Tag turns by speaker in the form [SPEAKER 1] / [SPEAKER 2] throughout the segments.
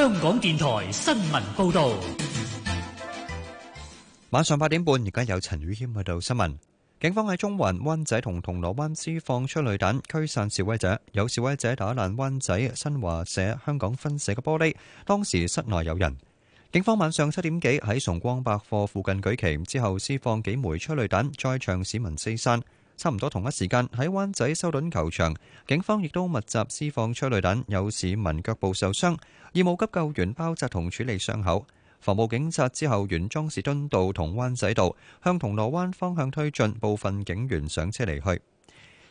[SPEAKER 1] 香港電台新聞報道，
[SPEAKER 2] 晚上八點半，而家有陳宇謙報道新聞。警方喺中環灣仔同銅鑼灣施放催淚彈驅散示威者，有示威者打爛灣仔新華社香港分社嘅玻璃，當時室內有人。警方晚上七點幾喺崇光百貨附近舉旗，之後施放幾枚催淚彈，在場市民四散。差唔多同一時間喺灣仔修頓球場，警方亦都密集施放催淚彈，有市民腳部受傷，義務急救員包紮同處理傷口。防暴警察之後沿莊士敦道同灣仔道向銅鑼灣方向推進，部分警員上車離去。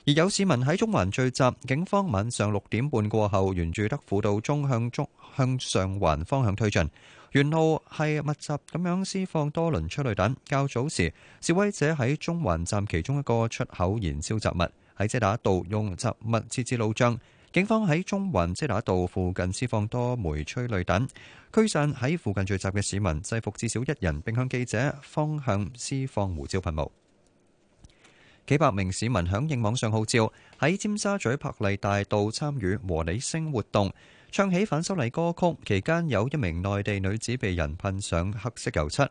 [SPEAKER 2] 而有市民喺中環聚集，警方晚上六點半過後沿住德輔道中向中向上環方向推進。沿路係密集咁樣施放多輪催淚彈。較早時，示威者喺中環站其中一個出口燃燒雜物，喺遮打道用雜物設置路障。警方喺中環遮打道附近施放多枚催淚彈，驅散喺附近聚集嘅市民，制服至少一人，並向記者方向施放胡椒噴霧。幾百名市民響應網上號召，喺尖沙咀柏麗大道參與和理聲活動。唱起反修例歌曲期間，有一名內地女子被人噴上黑色油漆。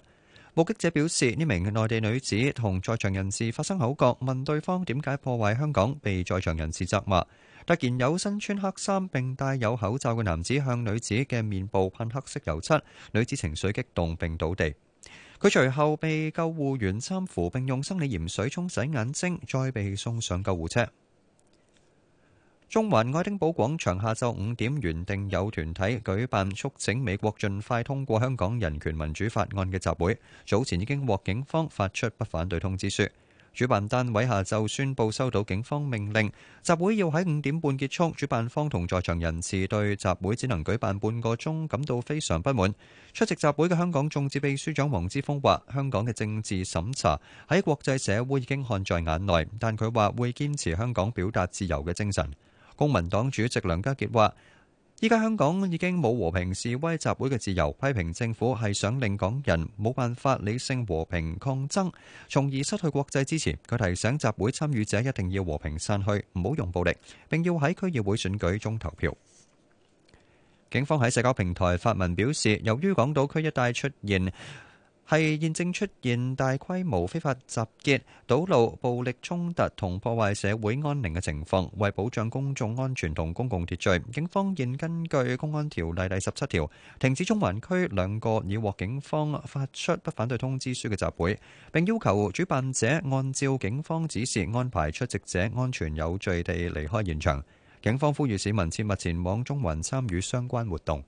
[SPEAKER 2] 目擊者表示，呢名內地女子同在場人士發生口角，問對方點解破壞香港，被在場人士責罵，突然有身穿黑衫並戴有口罩嘅男子向女子嘅面部噴黑色油漆，女子情緒激動並倒地。佢隨後被救護員攙扶並用生理鹽水沖洗眼睛，再被送上救護車。中環愛丁堡廣場下晝五點原定有團體舉辦促請美國盡快通過香港人權民主法案嘅集會，早前已經獲警方發出不反對通知書。主辦單位下晝宣布收到警方命令，集會要喺五點半結束。主辦方同在場人士對集會只能舉辦半個鐘感到非常不滿。出席集會嘅香港眾志秘書長黃之鋒話：香港嘅政治審查喺國際社會已經看在眼內，但佢話會堅持香港表達自由嘅精神。公民黨主席梁家傑話，依家香港已經冇和平示威集會嘅自由，批評政府係想令港人冇辦法理性和平抗爭，從而失去國際支持。佢提醒集會參與者一定要和平散去，唔好用暴力，並要喺區議會選舉中投票。警方喺社交平台發文表示，由於港島區一帶出現。係現正出現大規模非法集結、堵路、暴力衝突同破壞社會安寧嘅情況，為保障公眾安全同公共秩序，警方現根據公安條例第十七條，停止中環區兩個已獲警方發出不反對通知書嘅集會，並要求主辦者按照警方指示安排出席者安全有序地離開現場。警方呼籲市民切勿前往中環參與相關活動。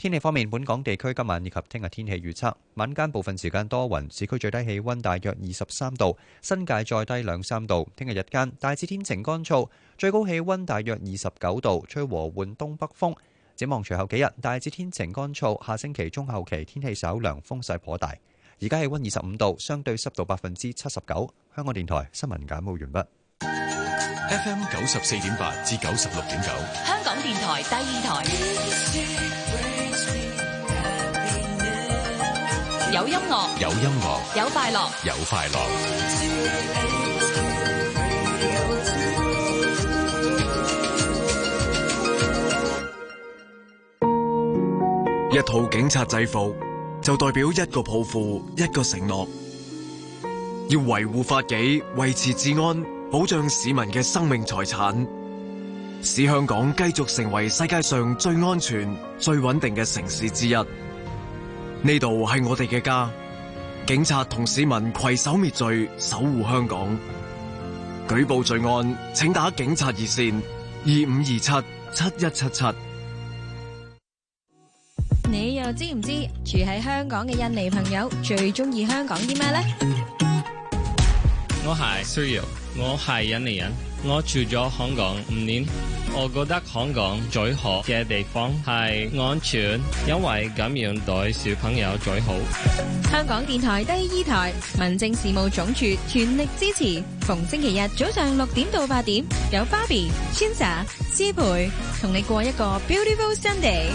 [SPEAKER 2] 天氣方面，本港地區今晚以及聽日天氣預測：晚間部分時間多雲，市區最低氣温大約二十三度，新界再低兩三度。聽日日間大致天晴乾燥，最高氣温大約二十九度，吹和緩東北風。展望隨後幾日，大致天晴乾燥。下星期中後期天氣稍涼，風勢頗大。而家氣温二十五度，相對濕度百分之七十九。香港電台新聞簡報完畢。FM 九十四點八至九十六點九，
[SPEAKER 3] 香港電台第二台。有音樂，
[SPEAKER 2] 有音樂，
[SPEAKER 1] 有快
[SPEAKER 3] 樂，
[SPEAKER 2] 有快樂。
[SPEAKER 1] 一套警察制服就代表一個抱負，一個承諾，要維護法紀，維持治安，保障市民嘅生命財產。使香港繼續成為世界上最安全、最穩定嘅城市之一。呢度係我哋嘅家，警察同市民攜手滅罪，守護香港。舉報罪案，請打警察熱線二五二七七一七七。
[SPEAKER 4] 你又知唔知住喺香港嘅印尼朋友最中意香港啲咩呢？
[SPEAKER 1] 我係 Sury，我係印尼人。我住咗香港五年，我覺得香港最好嘅地方係安全，因為咁樣對小朋友最好。
[SPEAKER 4] 香港電台第二台民政事務總署全力支持，逢星期日早上六點到八點，有 Barbie、Chinsa、詩培同你過一個 Beautiful Sunday。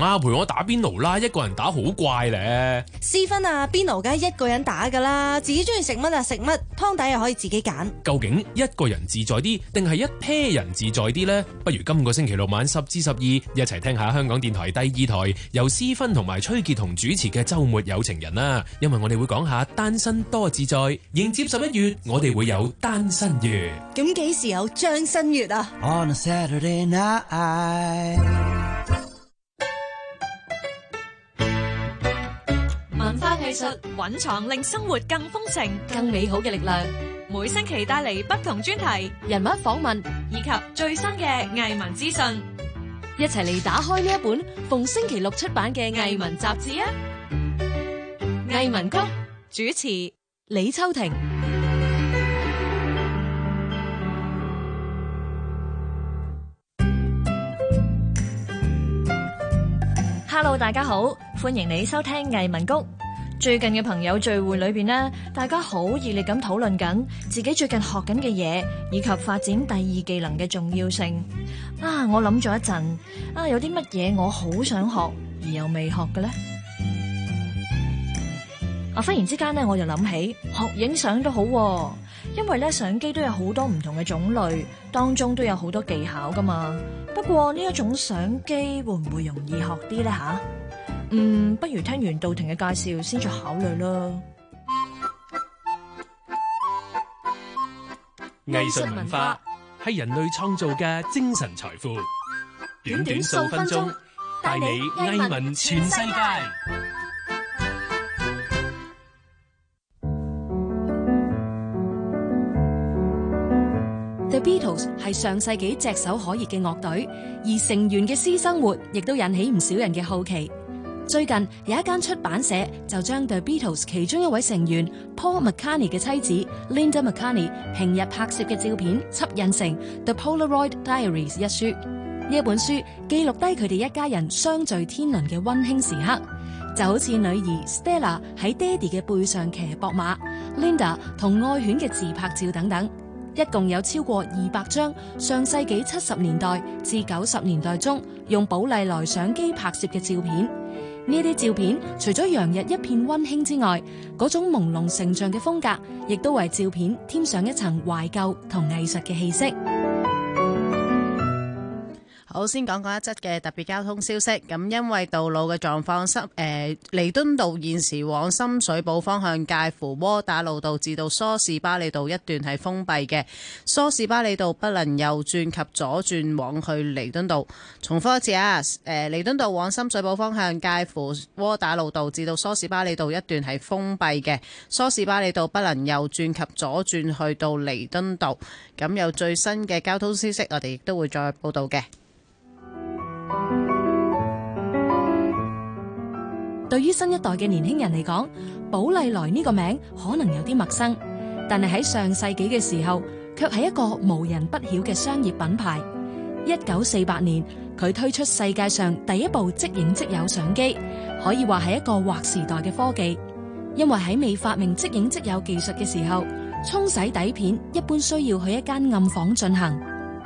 [SPEAKER 1] 啊媽陪我打邊爐啦，一個人打好怪咧。
[SPEAKER 4] 思芬啊，邊爐梗係一個人打噶啦，自己中意食乜啊食乜，湯底又可以自己揀。
[SPEAKER 1] 究竟一個人自在啲，定係一 pair 人自在啲呢？不如今個星期六晚十至十二，一齊聽下香港電台第二台由思芬同埋崔杰同主持嘅周末有情人啦、啊。因為我哋會講下單身多自在，迎接十一月，我哋會有單身月。
[SPEAKER 5] 咁幾時有張新月啊
[SPEAKER 2] ？On a Saturday night.
[SPEAKER 4] 藝術蘊藏令生活更豐盛、更美好嘅力量，每星期帶嚟不同專題、人物訪問以及最新嘅藝文資訊，
[SPEAKER 3] 一齊嚟打開呢一本逢星期六出版嘅藝文雜誌啊！藝文谷主持李秋婷
[SPEAKER 4] ，Hello，大家好，歡迎你收聽藝文谷。最近嘅朋友聚會裏邊咧，大家好熱烈咁討論緊自己最近學緊嘅嘢，以及發展第二技能嘅重要性。啊，我諗咗一陣，啊，有啲乜嘢我好想學而又未學嘅呢？啊，忽然之間咧，我就諗起學影相都好，因為咧相機都有好多唔同嘅種類，當中都有好多技巧噶嘛。不過呢一種相機會唔會容易學啲呢？吓？嗯，不如聽完道庭嘅介紹先，再考慮啦。
[SPEAKER 1] 藝術文化係人類創造嘅精神財富，短短數分鐘帶你藝文全世
[SPEAKER 6] 界。
[SPEAKER 3] The Beatles 係上世紀炙手可熱嘅樂隊，而成員嘅私生活亦都引起唔少人嘅好奇。最近有一間出版社就將 The Beatles 其中一位成員 Paul McCartney 嘅妻子 Linda McCartney 平日拍攝嘅照片，輯印成《The Polaroid Diaries》一書。呢本書記錄低佢哋一家人相聚天倫嘅溫馨時刻，就好似女兒 Stella 喺爹哋嘅背上騎駁馬，Linda 同愛犬嘅自拍照等等。一共有超過二百張上世紀七十年代至九十年代中用寶麗來相機拍攝嘅照片。呢啲照片除咗洋溢一片溫馨之外，嗰種朦朧成像嘅風格，亦都為照片添上一層懷舊同藝術嘅氣息。好，先講講一則嘅特別交通消息。咁因
[SPEAKER 5] 為道路嘅狀況，深誒，彌敦道現時往深水埗方向介乎窩打老道至到梳士巴利道一段係封閉嘅，梳士巴利道不能右轉及左轉往去彌敦道。重複一次啊，誒，彌敦道往深水埗方向介乎窩打老道至到梳士巴利道一段係封閉嘅，梳士巴利道不能右轉及左轉去到彌敦道。咁有最新嘅交
[SPEAKER 3] 通消息，我哋亦都會再報道嘅。對於新一代嘅年輕人嚟講，寶麗來呢個名可能有啲陌生，但係喺上世紀嘅時候，卻係一個無人不曉嘅商業品牌。一九四八年，佢推出世界上第一部即影即有相機，可以話係一個劃時代嘅科技。因為喺未發明即影即有技術嘅時候，沖洗底片一般需要去一間暗房進行，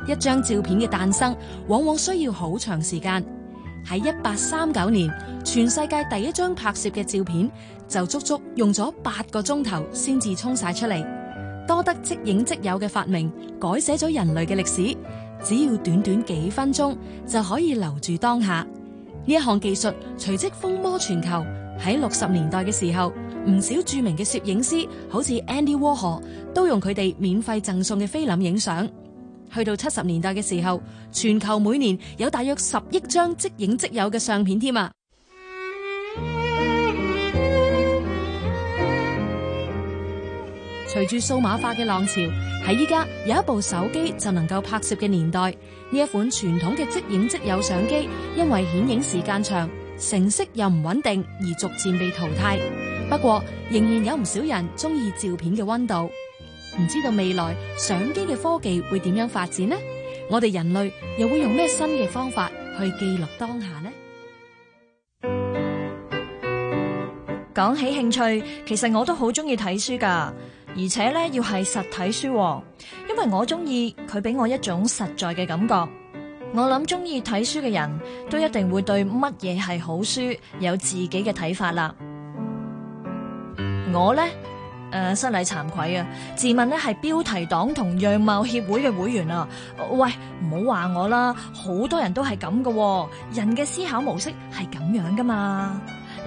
[SPEAKER 3] 一張照片嘅誕生往往需要好長時間。喺一八三九年，全世界第一張拍攝嘅照片就足足用咗八個鐘頭先至沖晒出嚟。多得即影即有嘅發明，改寫咗人類嘅歷史。只要短短幾分鐘就可以留住當下。呢一項技術隨即風靡全球。喺六十年代嘅時候，唔少著名嘅攝影師，好似 Andy Warhol，都用佢哋免費贈送嘅菲林影相。去到七十年代嘅時候，全球每年有大約十億張即影即有嘅相片添啊！隨住數碼化嘅浪潮，喺依家有一部手機就能夠拍攝嘅年代，呢一款傳統嘅即影即有相機，因為顯影時間長、成色又唔穩定，而逐漸被淘汰。不過仍然有唔少人中意照片嘅溫度。唔知道未來相機嘅科技會點樣發展呢？我哋人類又會用咩新嘅方法去記錄當下呢？
[SPEAKER 4] 講起興趣，其實我都好中意睇書噶，而且咧，要係實體書，因為我中意佢俾我一種實在嘅感覺。我諗中意睇書嘅人都一定會對乜嘢係好書有自己嘅睇法啦。我呢。誒、呃，失禮慚愧啊！自問咧係標題黨同樣貌協會嘅會員啊、呃！喂，唔好話我啦，好多人都係咁噶，人嘅思考模式係咁樣噶嘛。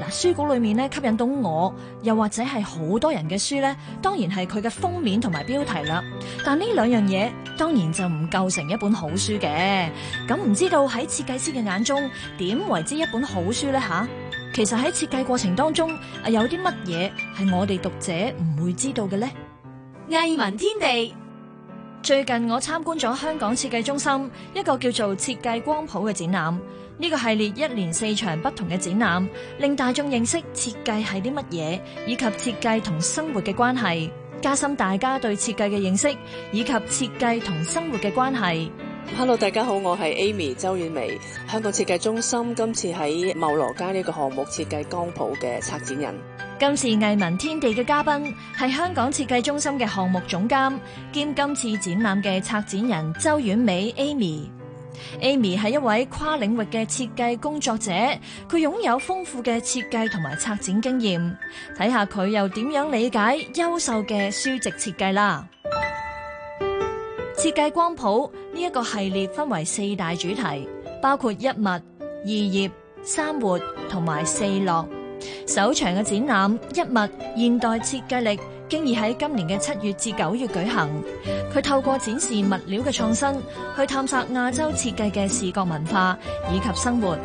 [SPEAKER 4] 嗱，書稿裏面咧吸引到我，又或者係好多人嘅書咧，當然係佢嘅封面同埋標題啦。但呢兩樣嘢當然就唔構成一本好書嘅。咁唔知道喺設計師嘅眼中，點為之一本好書咧？吓？其實喺設計過程當中，有啲乜嘢係我哋讀者唔會知道嘅呢？藝文天地，最近我參觀咗香港設計中心一個叫做設計光譜嘅展覽。呢、這個系列一連四場不同嘅展覽，令大眾認識設計係啲乜嘢，以及設計同生活嘅關係，加深大家對設計嘅認識以及設計同生活嘅關
[SPEAKER 5] 係。Hello，大家好，我係 Amy 周婉美，香港設計中心今次喺茂羅街呢個項目設計光譜嘅策展人。今次藝文天地嘅
[SPEAKER 4] 嘉賓係香港設計中心嘅項目總監兼今次展覽嘅策展人周婉美 Amy。Amy 係一位跨領域嘅設計工作者，佢擁有豐富嘅設計同埋策展經驗。睇下佢又點樣理解優秀嘅書籍設計啦。設計光譜呢一個系列分為四大主題，包括一物、貳頁、三活同埋四樂。首場嘅展覽一物現代設計力，經已喺今年嘅七月至九月舉行。佢透過展示物料嘅創新，去探索亞洲設計嘅視覺文化以及生活。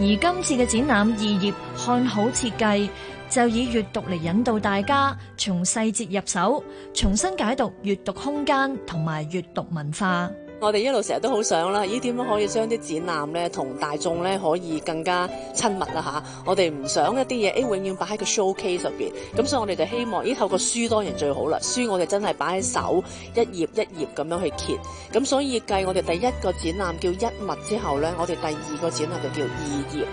[SPEAKER 4] 而今次嘅展覽貳頁看好設計。就以閱讀嚟，引導大家，從細節入手，重新解讀閱讀空間同埋閱讀文化。
[SPEAKER 5] 我哋一路成日都好想啦，咦？點樣可以將啲展覽咧同大眾咧可以更加親密啦吓？我哋唔想一啲嘢誒，永遠擺喺個 showcase 上邊。咁所以我哋就希望，依透過書當然最好啦。書我哋真係擺喺手，一頁一頁咁樣去揭。咁所以計我哋第一個展覽叫一物之後咧，我哋第二個展覽就叫二頁。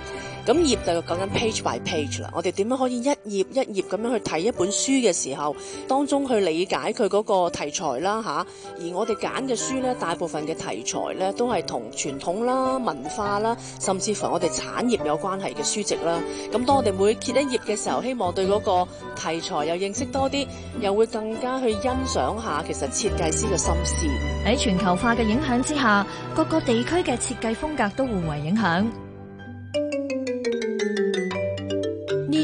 [SPEAKER 5] 咁頁就講緊 page by page 啦。我哋點樣可以一頁一頁咁樣去睇一本書嘅時候，當中去理解佢嗰個題材啦嚇。而我哋揀嘅書呢，大部分嘅題材呢都係同傳統啦、文化啦，甚至乎我哋產業有關係嘅書籍啦。咁當我哋每揭一頁嘅時候，希望對嗰個題材又認識多啲，又會更加去欣賞下其實設計師嘅心思。喺全球化嘅影響之下，各個地區嘅設計風格都互為影響。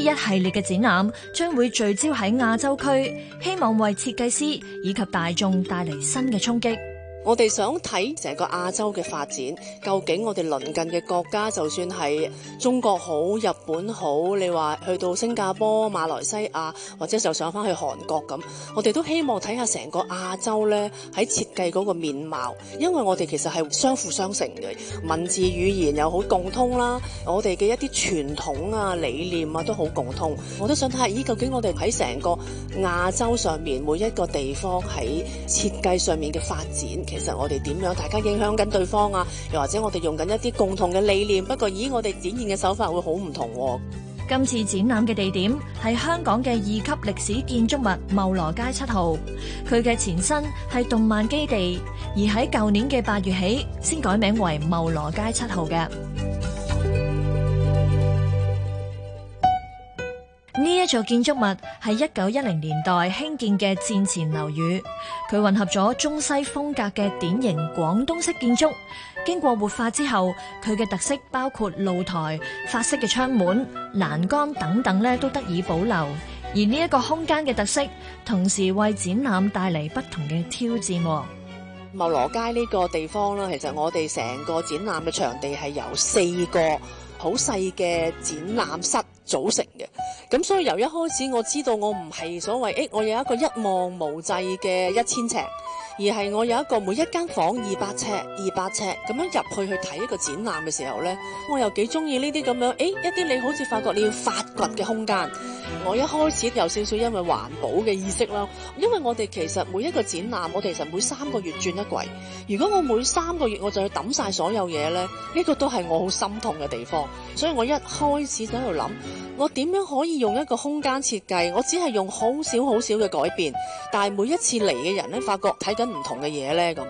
[SPEAKER 4] 呢一系列嘅展覽將會聚焦喺亞洲區，希望為設計師以及大眾帶嚟新嘅衝擊。
[SPEAKER 5] 我哋想睇成個亞洲嘅發展，究竟我哋鄰近嘅國家，就算係中國好、日本好，你話去到新加坡、馬來西亞，或者就上翻去韓國咁，我哋都希望睇下成個亞洲咧喺設計嗰個面貌，因為我哋其實係相輔相成嘅，文字語言又好共通啦，我哋嘅一啲傳統啊、理念啊都好共通，我都想睇下，咦，究竟我哋喺成個亞洲上面每一個地方喺設計上面嘅發展？其實我哋點樣，大家影響緊對方啊，又或者我哋用緊一啲共同嘅理念，不過以我哋展現嘅手法會好唔同啊。
[SPEAKER 4] 今次展覽嘅地點係香港嘅二級歷史建築物茂羅街七號，佢嘅前身係動漫基地，而喺舊年嘅八月起先改名為茂羅街七號嘅。呢一座建築物係一九一零年代興建嘅戰前樓宇，佢混合咗中西風格嘅典型廣東式建築。經過活化之後，佢嘅特色包括露台、法式嘅窗門、欄杆等等咧，都得以保留。而呢一個空間嘅特色，同時為展覽帶嚟不同嘅挑戰。茂
[SPEAKER 5] 羅街呢個地方啦，其實我哋成個展覽嘅場地係有四個好細嘅展覽室組成嘅，咁所以由一開始我知道我唔係所謂，誒、哎，我有一個一望無際嘅一千呎。而係我有一個每一間房二百尺，二百尺咁樣入去去睇一個展覽嘅時候呢，我又幾中意呢啲咁樣誒一啲你好似發覺你要發掘嘅空間。我一開始有少少因為環保嘅意識啦，因為我哋其實每一個展覽我哋其實每三個月轉一季，如果我每三個月我就要抌曬所有嘢呢，呢個都係我好心痛嘅地方，所以我一開始就喺度諗。我點樣可以用一個空間設計？我只係用好少好少嘅改變，但係每一次嚟嘅人咧，發覺睇緊唔同嘅嘢咧，咁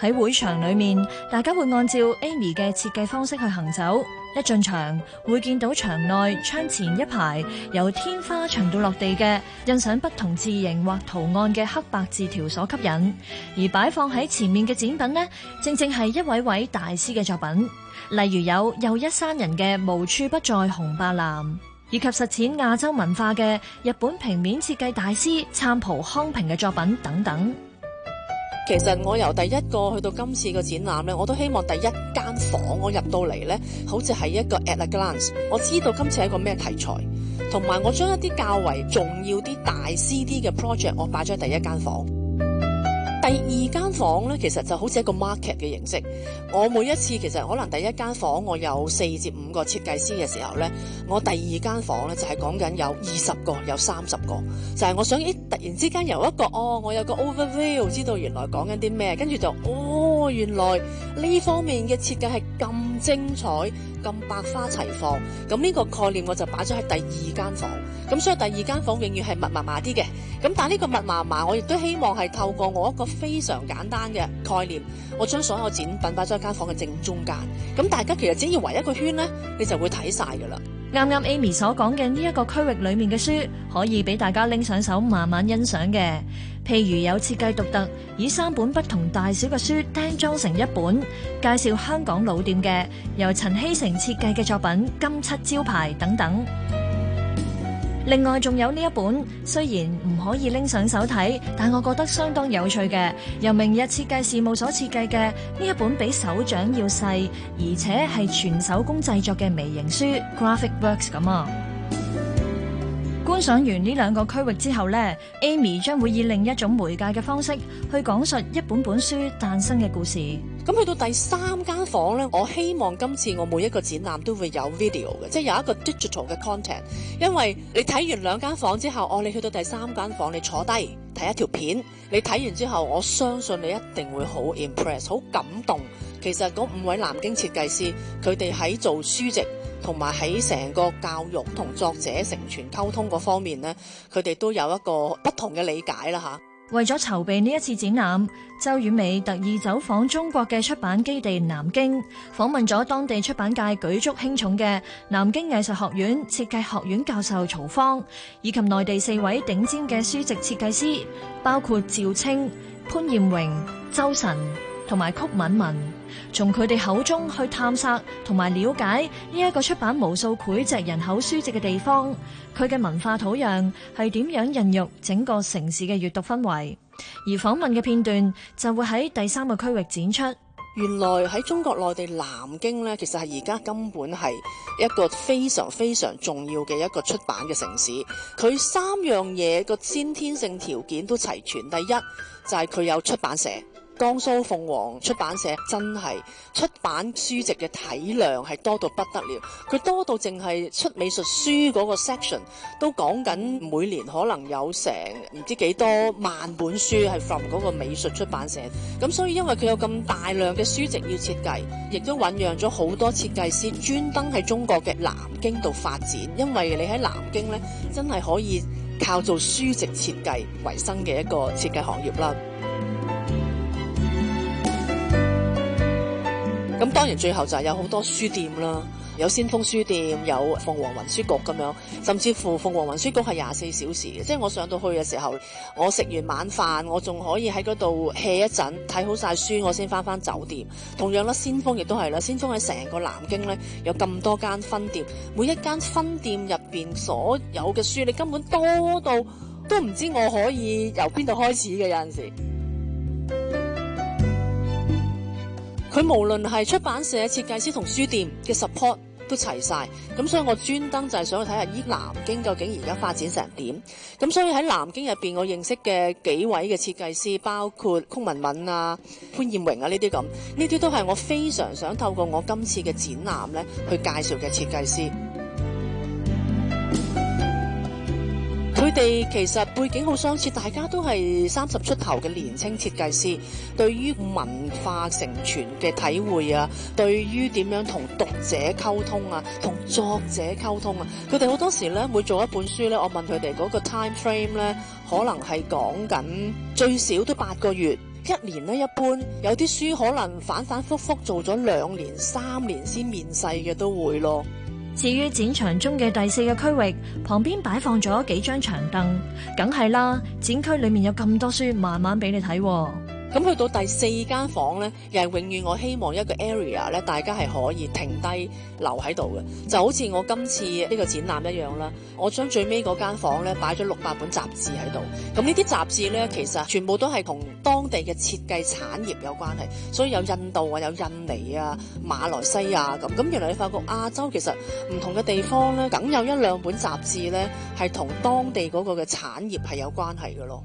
[SPEAKER 4] 喺會場裏面，大家會按照 Amy 嘅設計方式去行走。一進場會見到場內窗前一排由天花長到落地嘅印上不同字形或圖案嘅黑白字條所吸引，而擺放喺前面嘅展品呢，正正係一位位大師嘅作品，例如有又一山人嘅無處不在紅白藍。以及實踐亞洲文化嘅日本平面設計大師杉浦康平嘅作品等等。其實
[SPEAKER 5] 我由第一個去到今次嘅展覽咧，我都希望第一間房我入到嚟咧，好似係一個 at a glance，我知道今次係一個咩題材，同埋我將一啲較為重要啲大師啲嘅 project，我擺咗喺第一間房。第二間房咧，其實就好似一個 market 嘅形式。我每一次其實可能第一間房我有四至五個設計師嘅時候咧，我第二間房咧就係講緊有二十個，有三十個就係我想咦突然之間有一個哦，我有個 overview 知道原來講緊啲咩，跟住就哦原來呢方面嘅設計係咁精彩，咁百花齊放。咁呢個概念我就擺咗喺第二間房。咁所以第二間房永遠係密麻麻啲嘅。咁但係呢個密麻麻，我亦都希望係透過我一個。非常簡單嘅概念，我將所有展品擺咗間房嘅正中間。咁大家其實只要圍一個圈呢，你就會睇晒噶啦。
[SPEAKER 4] 啱啱 Amy 所講嘅呢一個區域裏面嘅書，可以俾大家拎上手慢慢欣賞嘅。譬如有設計獨特，以三本不同大小嘅書釘裝成一本，介紹香港老店嘅由陳希成設計嘅作品金漆招牌等等。另外仲有呢一本，雖然唔可以拎上手睇，但我覺得相當有趣嘅，由明日設計事務所設計嘅呢一本比手掌要細，而且係全手工製作嘅微型書《Graphic Works》咁啊。觀賞完呢兩個區域之後呢 Amy 將會以另一種媒介嘅方式去講述一本本書誕生嘅故事。
[SPEAKER 5] 咁去到第三間房呢，我希望今次我每一個展覽都會有 video 嘅，即係有一個 digital 嘅 content。因為你睇完兩間房之後，我哋去到第三間房，你坐低睇一條片，你睇完之後，我相信你一定會好 impress，好感動。其實嗰五位南京設計師，佢哋喺做書籍同埋喺成個教育同作者成全溝通嗰方面呢，佢哋都有一個不同嘅理解啦。嚇，
[SPEAKER 4] 為咗籌備呢一次展覽，周婉美特意走訪中國嘅出版基地南京，訪問咗當地出版界舉足輕重嘅南京藝術學院設計學院教授曹芳，以及內地四位頂尖嘅書籍設計師，包括趙清、潘艷榮、周晨同埋曲敏文。從佢哋口中去探索同埋了解呢一個出版無數膾炙人口書籍嘅地方，佢嘅文化土壤係點樣孕育整個城市嘅閱讀氛圍？而訪問嘅片段就會喺第
[SPEAKER 5] 三個區域展出。原來喺中國內地南京呢，其實係而家根本係一個非常非常重要嘅一個出版嘅城市。佢三樣嘢個先天性條件都齊全。第一就係佢有出版社。江蘇鳳凰出版社真係出版書籍嘅體量係多到不得了，佢多到淨係出美術書嗰個 section 都講緊每年可能有成唔知幾多萬本書係 from 嗰個美術出版社。咁所以因為佢有咁大量嘅書籍要設計，亦都醞釀咗好多設計師專登喺中國嘅南京度發展，因為你喺南京呢，真係可以靠做書籍設計為生嘅一個設計行業啦。咁當然最後就係有好多書店啦，有先鋒書店，有鳳凰雲書局咁樣，甚至乎鳳凰雲書局係廿四小時即係、就是、我上到去嘅時候，我食完晚飯，我仲可以喺嗰度歇一陣，睇好晒書，我先返返酒店。同樣啦，先鋒亦都係啦，先鋒喺成個南京呢，有咁多間分店，每一間分店入面所有嘅書，你根本多到都唔知我可以由邊度開始嘅有陣時。佢無論係出版社、設計師同書店嘅 support 都齊晒，咁所以我專登就係想去睇下依南京究竟而家發展成點。咁所以喺南京入邊，我認識嘅幾位嘅設計師，包括曲文敏啊、潘豔榮啊呢啲咁，呢啲都係我非常想透過我今次嘅展覽呢去介紹嘅設計師。哋其實背景好相似，大家都係三十出頭嘅年青設計師，對於文化承傳嘅體會啊，對於點樣同讀者溝通啊，同作者溝通啊，佢哋好多時咧每做一本書咧，我問佢哋嗰個 time frame 咧，可能係講緊最少都八個月，一年咧一般，有啲書可能反反覆覆做咗兩年、三年先面世嘅都會
[SPEAKER 4] 咯。至於展場中嘅第四個區域，旁邊擺放咗幾張長凳，梗係啦，展區裏面有咁多書，慢慢畀你睇。
[SPEAKER 5] 咁去到第四間房呢，又係永遠我希望一個 area 呢，大家係可以停低留喺度嘅，就好似我今次呢個展覽一樣啦。我將最尾嗰間房呢擺咗六百本雜誌喺度，咁呢啲雜誌呢，其實全部都係同當地嘅設計產業有關係，所以有印度啊，有印尼啊，馬來西亞咁。咁原來你發覺亞洲其實唔同嘅地方呢，梗有一兩本雜誌呢係同當地嗰個嘅產業係有關係嘅咯。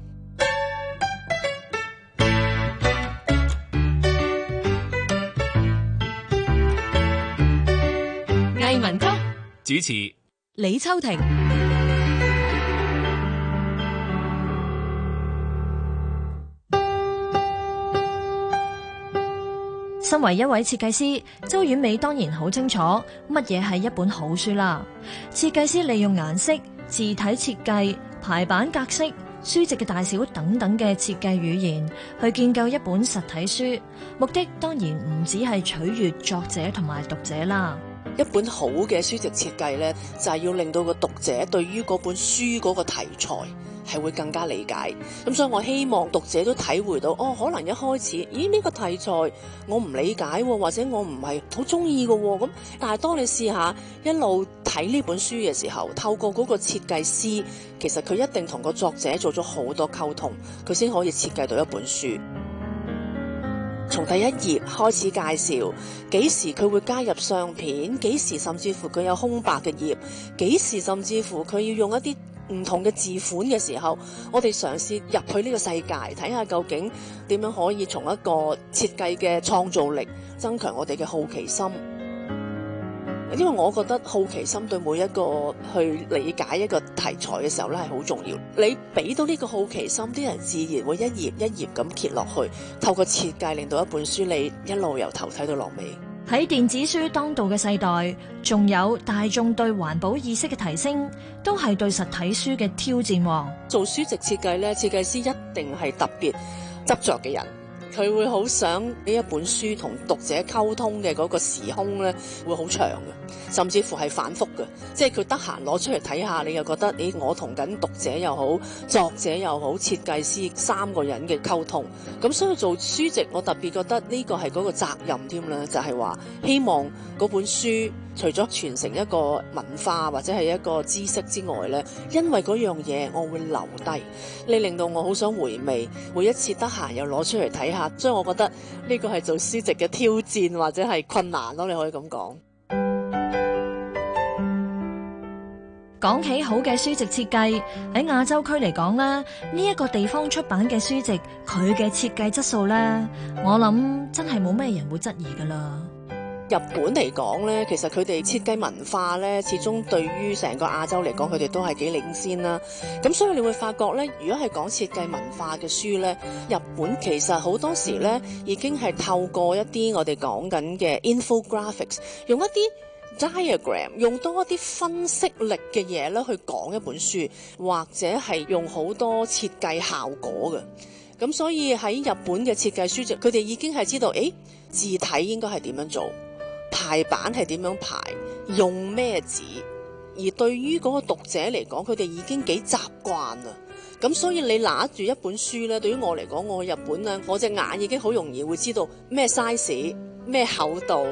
[SPEAKER 6] 主持
[SPEAKER 3] 李秋婷。
[SPEAKER 4] 身為一位設計師，周婉美當然好清楚乜嘢係一本好書啦。設計師利用顏色、字體設計、排版格式、書籍嘅大小等等嘅設計語言去建構一本實體書，目的當然唔止係取悅作者同埋讀者啦。
[SPEAKER 5] 一本好嘅書籍設計呢，就係要令到個讀者對於嗰本書嗰個題材係會更加理解。咁所以我希望讀者都體會到，哦，可能一開始，咦呢個題材我唔理解喎，或者我唔係好鍾意嘅喎。咁但係當你試下一路睇呢本書嘅時候，透過嗰個設計師，其實佢一定同個作者做咗好多溝通，佢先可以設計到一本書。從第一頁開始介紹，幾時佢會加入相片，幾時甚至乎佢有空白嘅頁，幾時甚至乎佢要用一啲唔同嘅字款嘅時候，我哋嘗試入去呢個世界，睇下究竟點樣可以從一個設計嘅創造力增強我哋嘅好奇心。因為我覺得好奇心對每一個去理解一個題材嘅時候咧，係好重要。你俾到呢個好奇心，啲人自然會一頁一頁咁揭落去。透過設計，令到一本書你一路由頭睇到落尾。
[SPEAKER 4] 喺電子書當道嘅世代，仲有大眾對環保意識嘅提升，都係對實體書嘅挑戰。
[SPEAKER 5] 做書籍設計咧，設計師一定係特別執着嘅人。佢會好想呢一本書同讀者溝通嘅嗰個時空咧，會好長嘅，甚至乎係反覆嘅。即係佢得閒攞出嚟睇下，你又覺得，誒，我同緊讀者又好，作者又好，設計師三個人嘅溝通。咁所以做書籍，我特別覺得呢個係嗰個責任添啦，就係話希望嗰本書除咗傳承一個文化或者係一個知識之外咧，因為嗰樣嘢我會留低，你令到我好想回味，每一次得閒又攞出嚟睇下。所以我覺得呢個係做書籍嘅挑戰或者係困難咯，你可以咁講。
[SPEAKER 4] 講起好嘅書籍設計喺亞洲區嚟講咧，呢一個地方出版嘅書籍佢嘅設計質素咧，我諗真係冇咩人會質疑噶啦。
[SPEAKER 5] 日本嚟講咧，其實佢哋設計文化咧，始終對於成個亞洲嚟講，佢哋都係幾領先啦。咁所以你會發覺咧，如果係講設計文化嘅書咧，日本其實好多時咧已經係透過一啲我哋講緊嘅 infographics，用一啲 diagram，用多一啲分析力嘅嘢咧去講一本書，或者係用好多設計效果嘅。咁所以喺日本嘅設計書籍，佢哋已經係知道，誒，字體應該係點樣做。排版係點樣排，用咩紙？而對於嗰個讀者嚟講，佢哋已經幾習慣啦。咁所以你拿住一本書呢，對於我嚟講，我去日本呢，我隻眼已經好容易會知道咩 size、咩厚度、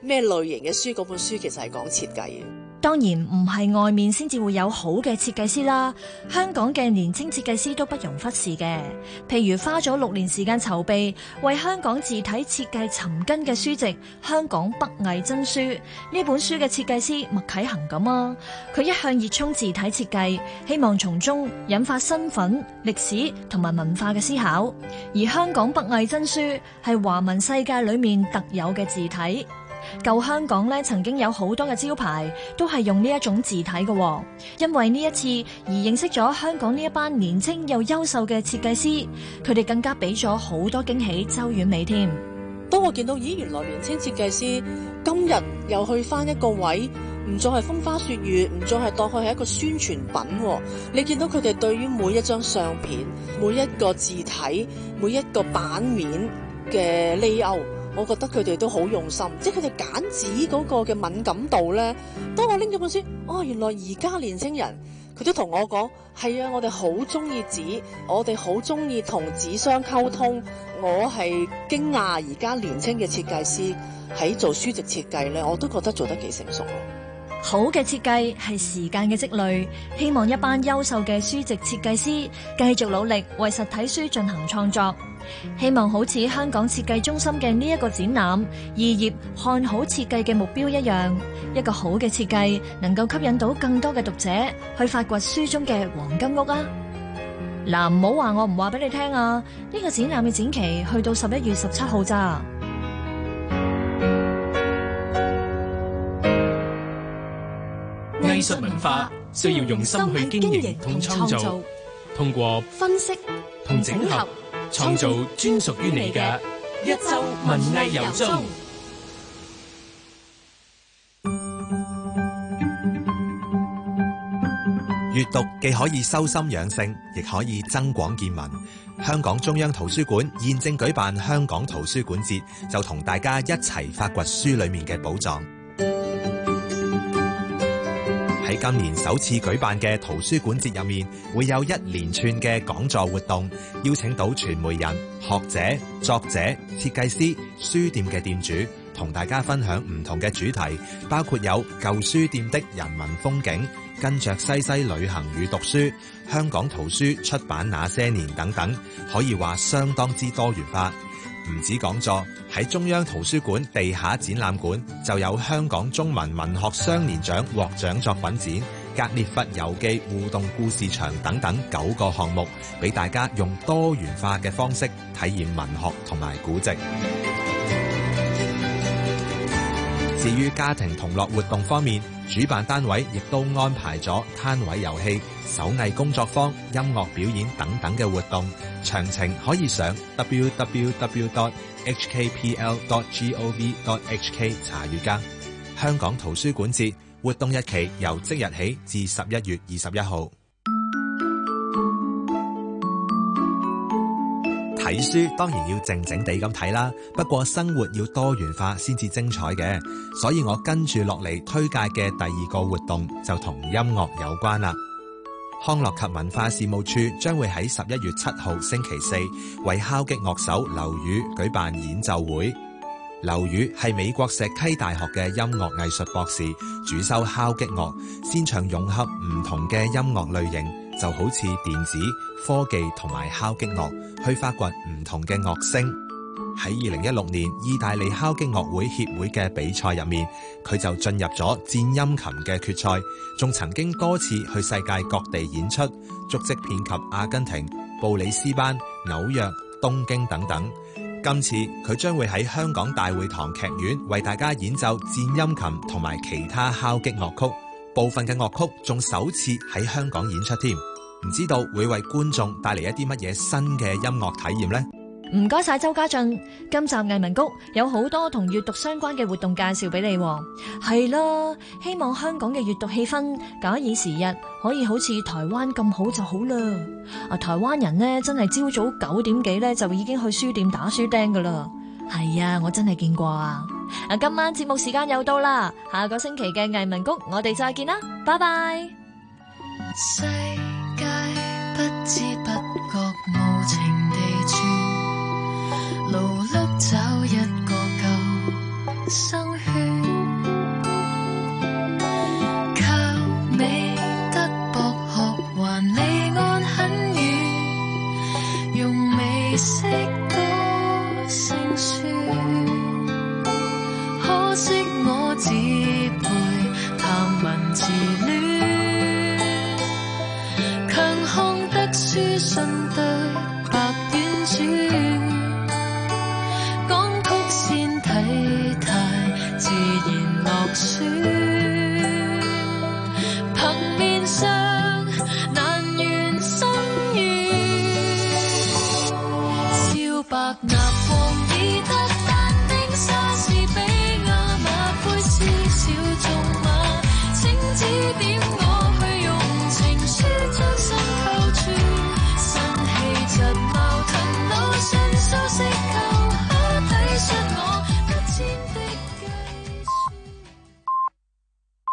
[SPEAKER 5] 咩類型嘅書。嗰本書其實係講設計嘅。
[SPEAKER 4] 當然唔係外面先至會有好嘅設計師啦，香港嘅年青設計師都不容忽視嘅。譬如花咗六年時間籌備為香港字體設計尋根嘅書籍《香港北魏真書》呢本書嘅設計師麥啟恒咁啊，佢一向熱衷字體設計，希望從中引發身份、歷史同埋文化嘅思考。而香港北魏真書係華文世界裏面特有嘅字體。舊香港咧，曾經有好多嘅招牌都係用呢一種字體嘅。因為呢一次而認識咗香港呢一班年青又優秀嘅設計師，佢哋更加俾咗好多驚喜周婉美
[SPEAKER 5] 添。當我見到，咦，原來年青設計師今日又去返一個位，唔再係風花雪月，唔再係當佢係一個宣傳品。你見到佢哋對於每一張相片、每一個字體、每一個版面嘅 layout 我覺得佢哋都好用心，即係佢哋揀紙嗰個嘅敏感度呢。當我拎咗本書，哦，原來而家年輕人，佢都同我講，係啊，我哋好中意紙，我哋好中意同紙商溝通。我係驚訝而家年輕嘅設計師喺做書籍設計呢，我都覺得做得幾成熟的。
[SPEAKER 4] 好嘅設計係時間嘅積累，希望一班優秀嘅書籍設計師繼續努力為實體書進行創作。希望好似香港設計中心嘅呢一個展覽《貳頁看好設計嘅目標》一樣，一個好嘅設計能夠吸引到更多嘅讀者去發掘書中嘅黃金屋啊！嗱，唔好話我唔話俾你聽啊！呢個展覽嘅展期去到十一月十七號咋？
[SPEAKER 6] 藝術文化需要用心去經營同創造，通過分析同整合，創造專屬於你嘅一周文藝遊蹤。
[SPEAKER 1] 閱讀既可以修心養性，亦可以增廣見聞。香港中央圖書館現正舉辦香港圖書館節，就同大家一齊發掘書裏面嘅寶藏。喺今年首次舉辦嘅圖書館節入面，會有一連串嘅講座活動，邀請到傳媒人、學者、作者、設計師、書店嘅店主，同大家分享唔同嘅主題，包括有舊書店的人文風景、跟着西西旅行與讀書、香港圖書出版那些年等等，可以話相當之多元化。唔止講座，喺中央圖書館地下展覽館就有香港中文文學雙年獎獲獎作品展、格列佛遊記互動故事場等等九個項目，俾大家用多元化嘅方式體驗文學同埋古籍。
[SPEAKER 6] 至
[SPEAKER 1] 於家庭同樂活動方面，主辦單位亦都安排咗攤位遊戲。手藝工作坊、音樂表演等等嘅活動詳情，可以上 w w w dot h k p l dot g o v dot h k 查閱㗎。香港圖書館節活動日期由即日起至十一月二十一號。睇書當然要靜靜地咁睇啦，不過生活要多元化先至精彩嘅，所以我跟住落嚟推介嘅第二個活動就同音樂有關啦。康樂及文化事務處將會喺十一月七號星期四為敲擊樂手劉宇舉辦演奏會。劉宇係美國石溪大學嘅音樂藝術博士，主修敲擊樂，擅長融合唔同嘅音樂類型，就好似電子、科技同埋敲擊樂去發掘唔同嘅樂聲。喺二零一六年意大利敲擊樂會協會嘅比賽入面，佢就進入咗顫音琴嘅決賽，仲曾經多次去世界各地演出，足跡遍及阿根廷、布里斯班、紐約、東京等等。今次佢將會喺香港大會堂劇院為大家演奏顫音琴同埋其他敲擊樂曲，部分嘅樂曲仲首次喺香港演出添，唔知道會為觀眾帶嚟一啲乜嘢新嘅音樂體驗呢？
[SPEAKER 4] 唔該晒周家俊，今集藝文谷有好多同閱讀相關嘅活動介紹俾你。係啦，希望香港嘅閱讀氣氛假以時日可以好似台灣咁好就好啦。啊，台灣人呢，真係朝早九點幾呢，就已經去書店打書釘噶啦。係啊，我真係見過啊。啊，今晚節目時間又到啦，下個星期嘅藝文谷我哋再見啦，拜拜。世界不
[SPEAKER 6] 知不覺無情，找一個救生圈，靠美的博學還離岸很遠，用美色多勝算，可惜我只配談文字戀，強項得書信